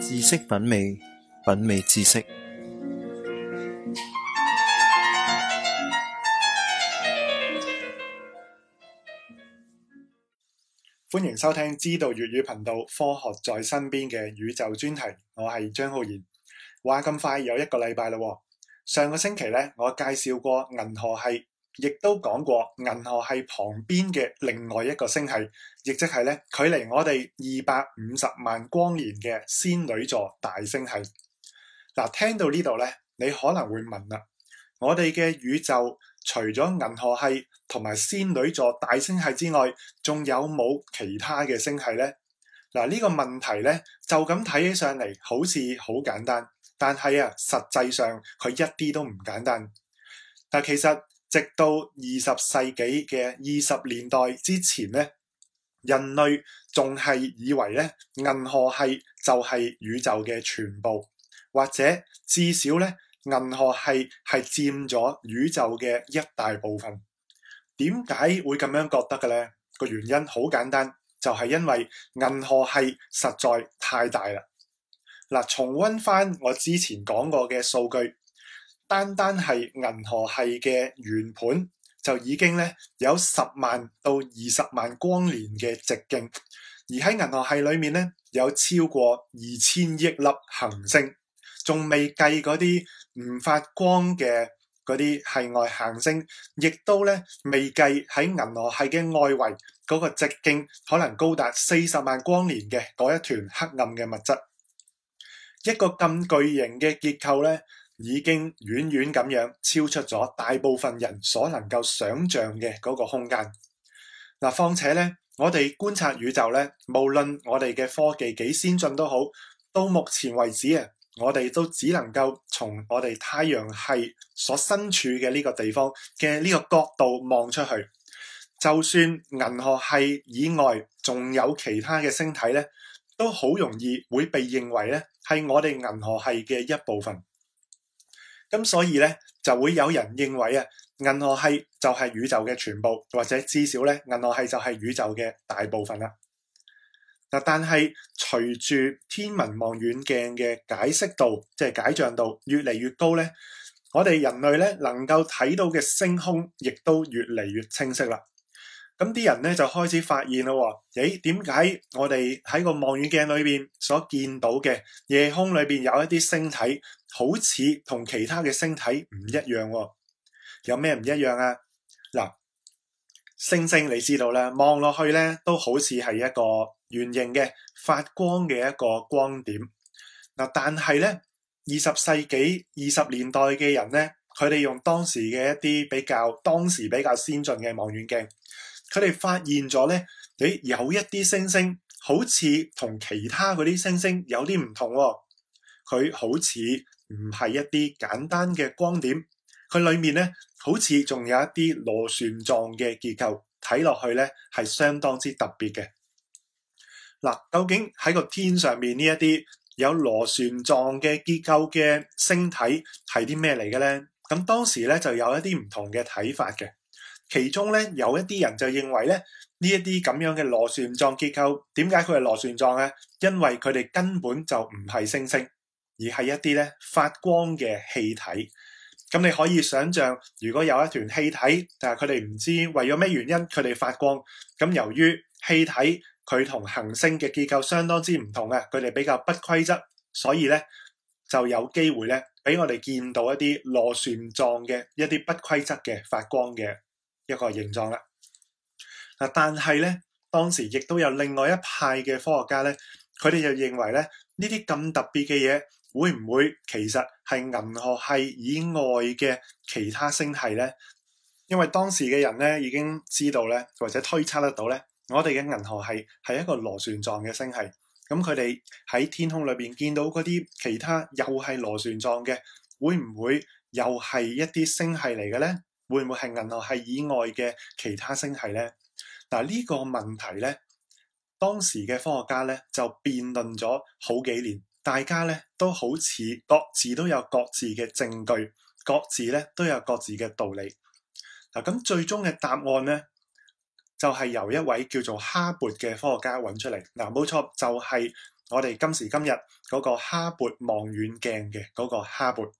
知識品味，品味知識。歡迎收聽《知道粵語》頻道《科學在身邊》嘅宇宙專題，我係張浩然。話咁快有一個禮拜了，上個星期呢，我介紹過銀河系。亦都講過銀河系旁邊嘅另外一個星系，亦即係咧距離我哋二百五十萬光年嘅仙女座大星系。嗱，聽到呢度咧，你可能會問啦：「我哋嘅宇宙除咗銀河系同埋仙女座大星系之外，仲有冇其他嘅星系呢？」嗱，呢個問題咧就咁睇起上嚟好似好簡單，但係啊，實際上佢一啲都唔簡單。但其實，直到二十世紀嘅二十年代之前呢，人類仲係以為呢，銀河系就係宇宙嘅全部，或者至少呢，銀河系係佔咗宇宙嘅一大部分。點解會咁樣覺得嘅呢？個原因好簡單，就係因為銀河系實在太大啦。嗱，重溫翻我之前講過嘅數據。單單係銀河系嘅圓盤就已經咧有十萬到二十萬光年嘅直徑，而喺銀河系裏面咧有超過二千億粒恆星，仲未計嗰啲唔發光嘅嗰啲系外行星，亦都咧未計喺銀河系嘅外圍嗰個直徑可能高達四十萬光年嘅嗰一團黑暗嘅物質。一個咁巨型嘅結構咧。已經遠遠咁樣超出咗大部分人所能夠想象嘅嗰個空間。嗱，況且咧，我哋觀察宇宙咧，無論我哋嘅科技幾先進都好，到目前為止啊，我哋都只能夠從我哋太陽系所身處嘅呢個地方嘅呢個角度望出去。就算銀河系以外仲有其他嘅星體咧，都好容易會被認為咧係我哋銀河系嘅一部分。咁所以咧，就會有人認為啊，銀河系就係宇宙嘅全部，或者至少咧，銀河系就係宇宙嘅大部分啦。嗱，但係隨住天文望遠鏡嘅解釋度，即係解像度越嚟越高咧，我哋人類咧能夠睇到嘅星空，亦都越嚟越清晰啦。咁啲人咧就開始發現喎、哦。誒，點解我哋喺個望遠鏡裏邊所見到嘅夜空裏邊有一啲星體，好似同其他嘅星體唔一樣，哦？有咩唔一樣啊？嗱，星星你知道啦，望落去咧都好似係一個圓形嘅發光嘅一個光點。嗱，但係咧二十世紀二十年代嘅人咧，佢哋用當時嘅一啲比較當時比較先進嘅望遠鏡。佢哋發現咗咧，誒有一啲星星好似同其他嗰啲星星有啲唔同，佢好似唔係一啲簡單嘅光點，佢裏面咧好似仲有一啲螺旋狀嘅結構，睇落去咧係相當之特別嘅。嗱，究竟喺個天上面呢一啲有螺旋狀嘅結構嘅星體係啲咩嚟嘅咧？咁當時咧就有一啲唔同嘅睇法嘅。其中咧有一啲人就認為咧呢一啲咁樣嘅螺旋狀結構，點解佢係螺旋狀呀？因為佢哋根本就唔係星星，而係一啲咧發光嘅氣體。咁你可以想象，如果有一團氣體，但係佢哋唔知為咗咩原因佢哋發光，咁由於氣體佢同行星嘅結構相當之唔同啊，佢哋比較不規則，所以咧就有機會咧俾我哋見到一啲螺旋狀嘅一啲不規則嘅發光嘅。一個形狀啦，但係咧，當時亦都有另外一派嘅科學家咧，佢哋就認為咧，呢啲咁特別嘅嘢，會唔會其實係銀河系以外嘅其他星系呢？因為當時嘅人咧已經知道咧，或者推測得到咧，我哋嘅銀河系係一個螺旋狀嘅星系，咁佢哋喺天空裏邊見到嗰啲其他又係螺旋狀嘅，會唔會又係一啲星系嚟嘅呢？會唔會係銀河系以外嘅其他星系呢？嗱，呢個問題呢，當時嘅科學家呢就辯論咗好幾年，大家呢都好似各自都有各自嘅證據，各自呢都有各自嘅道理。嗱，咁最終嘅答案呢，就係由一位叫做哈勃嘅科學家揾出嚟。嗱，冇錯，就係我哋今時今日嗰個哈勃望遠鏡嘅嗰個哈勃。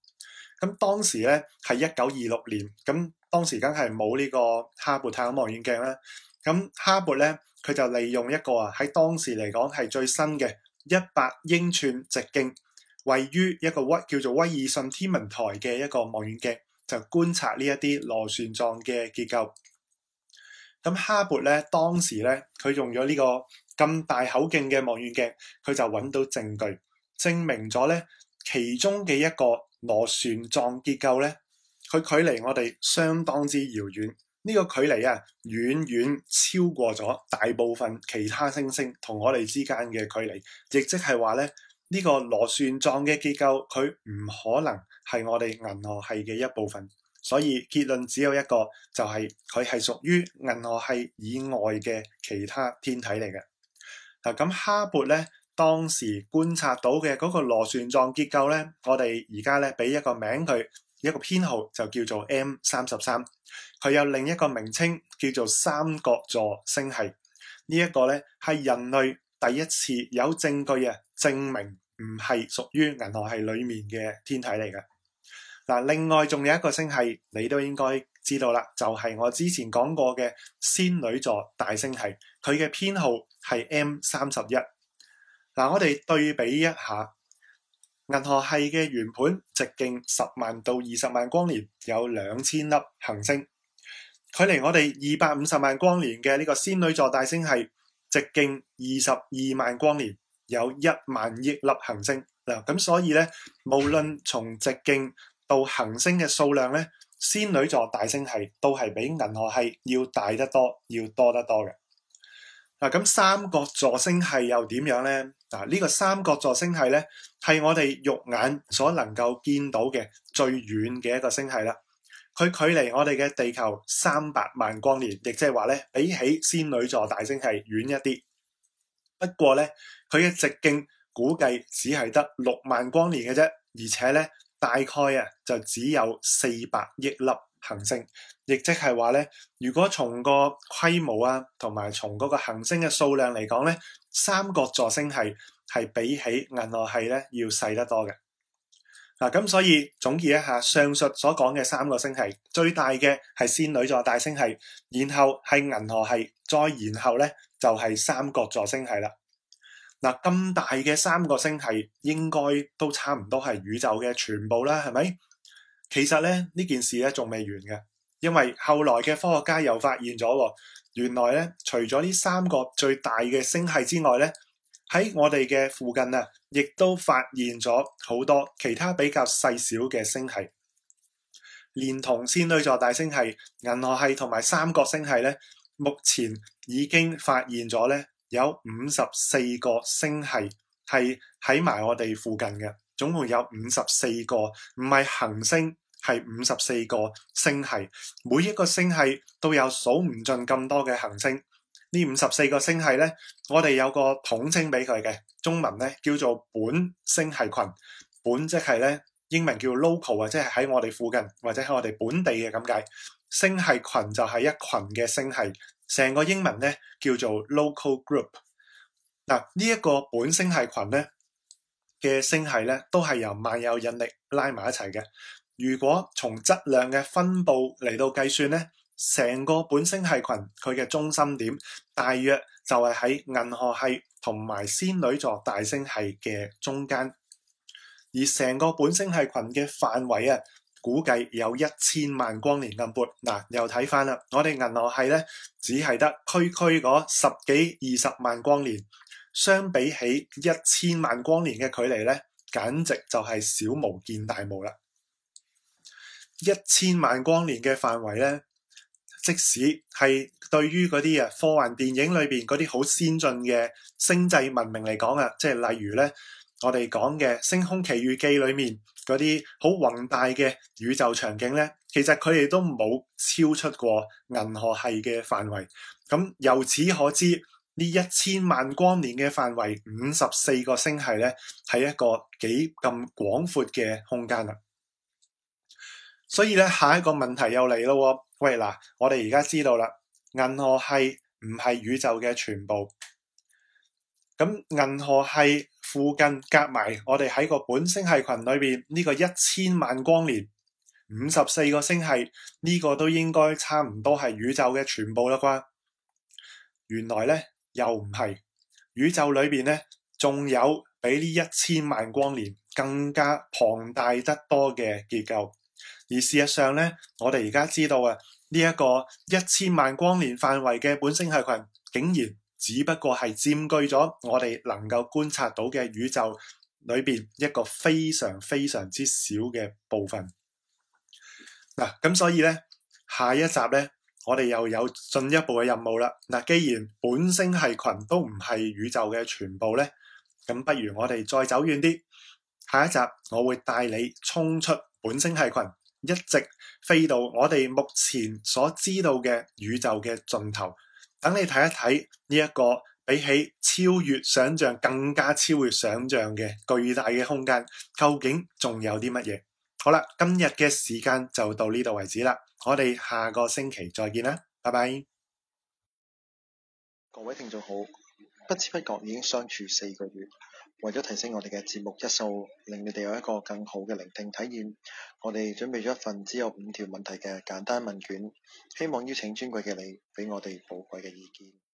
咁當時呢，係一九二六年，咁。當時梗係冇呢個哈勃太空望遠鏡啦，咁哈勃咧，佢就利用一個喺當時嚟講係最新嘅一百英寸直徑，位於一個叫做威爾遜天文台嘅一個望遠鏡，就觀察呢一啲螺旋狀嘅結構。咁哈勃咧當時咧，佢用咗呢個咁大口徑嘅望遠鏡，佢就揾到證據證明咗咧其中嘅一個螺旋狀結構咧，佢距離我哋相當之遙遠，呢個距離啊遠遠超過咗大部分其他星星同我哋之間嘅距離，亦即係話咧，呢個螺旋狀嘅結構佢唔可能係我哋銀河系嘅一部分，所以結論只有一個，就係佢係屬於銀河系以外嘅其他天體嚟嘅。嗱，咁哈勃咧當時觀察到嘅嗰個螺旋狀結構咧，我哋而家咧俾一個名佢。一個編號就叫做 M 三十三，佢有另一個名稱叫做三角座星系。這個、呢一個咧係人類第一次有證據啊證明唔係屬於銀河系裏面嘅天體嚟嘅。嗱，另外仲有一個星系你都應該知道啦，就係、是、我之前講過嘅仙女座大星系，佢嘅編號係 M 三十一。嗱，我哋對比一下。銀河系嘅圓盤直徑十萬到二十萬光年，有兩千粒恒星，距離我哋二百五十萬光年嘅呢個仙女座大星系，直徑二十二萬光年，有一萬億粒恒星嗱，咁所以咧，無論從直徑到恒星嘅數量咧，仙女座大星系都係比銀河系要大得多，要多得多嘅。嗱，咁三角座星系又點樣呢？嗱，呢個三角座星系呢，係我哋肉眼所能夠見到嘅最遠嘅一個星系啦。佢距離我哋嘅地球三百萬光年，亦即係話呢，比起仙女座大星系遠一啲。不過呢，佢嘅直徑估計只係得六萬光年嘅啫，而且呢，大概啊就只有四百億粒。恆星，亦即係話咧，如果從個規模啊，同埋從嗰個恆星嘅數量嚟講咧，三角座星系係比起銀河系咧要細得多嘅。嗱，咁所以總結一下，上述所講嘅三個星系，最大嘅係仙女座大星系，然後係銀河系，再然後咧就係、是、三角座星系啦。嗱，咁大嘅三個星系，應該都差唔多係宇宙嘅全部啦，係咪？其實咧呢件事咧仲未完嘅，因為後來嘅科學家又發現咗，原來咧除咗呢三個最大嘅星系之外咧，喺我哋嘅附近啊，亦都發現咗好多其他比較細小嘅星系，連同仙女座大星系、銀河系同埋三角星系咧，目前已經發現咗咧有五十四個星系係喺埋我哋附近嘅。總共有五十四個，唔係行星，係五十四個星系。每一個星系都有數唔盡咁多嘅行星。呢五十四個星系咧，我哋有個統稱俾佢嘅中文咧，叫做本星系群。本即係咧，英文叫 local，或者係喺我哋附近或者喺我哋本地嘅咁解。星系群就係一群嘅星系，成個英文咧叫做 local group。嗱，呢一個本星系群咧。嘅星系咧，都係由萬有引力拉埋一齊嘅。如果從質量嘅分布嚟到計算咧，成個本星系群佢嘅中心點大約就係喺銀河系同埋仙女座大星系嘅中間。而成個本星系群嘅範圍啊，估計有一千萬光年咁闊。嗱，又睇翻啦，我哋銀河系咧，只係得區區嗰十幾二十萬光年。相比起一千萬光年嘅距離咧，簡直就係小巫見大巫啦！一千萬光年嘅範圍咧，即使係對於嗰啲啊科幻電影裏邊嗰啲好先進嘅星際文明嚟講啊，即係例如咧，我哋講嘅《星空奇遇記》裏面嗰啲好宏大嘅宇宙場景咧，其實佢哋都冇超出過銀河系嘅範圍。咁由此可知。呢一千萬光年嘅範圍，五十四個星系咧，係一個幾咁廣闊嘅空間啦、啊。所以咧，下一個問題又嚟咯。喂，嗱，我哋而家知道啦，銀河系唔係宇宙嘅全部。咁銀河系附近隔埋，我哋喺個本星系群裏邊呢個一千萬光年五十四個星系，呢個都應該差唔多係宇宙嘅全部啦啩，原來咧。又唔係宇宙裏邊咧，仲有比呢一千萬光年更加龐大得多嘅結構。而事實上咧，我哋而家知道啊，呢一個一千萬光年範圍嘅本星系群，竟然只不過係佔據咗我哋能夠觀察到嘅宇宙裏邊一個非常非常之少嘅部分。嗱，咁所以咧，下一集咧。我哋又有進一步嘅任務啦！嗱，既然本星系群都唔係宇宙嘅全部呢，咁不如我哋再走遠啲。下一集我會帶你衝出本星系群，一直飛到我哋目前所知道嘅宇宙嘅盡頭，等你睇一睇呢一個比起超越想像更加超越想像嘅巨大嘅空間，究竟仲有啲乜嘢？好啦，今日嘅時間就到呢度為止啦，我哋下個星期再見啦，拜拜。各位聽眾好，不知不覺已經相處四個月，為咗提升我哋嘅節目質素，令你哋有一個更好嘅聆聽體驗，我哋準備咗一份只有五條問題嘅簡單問卷，希望邀請尊貴嘅你俾我哋寶貴嘅意見。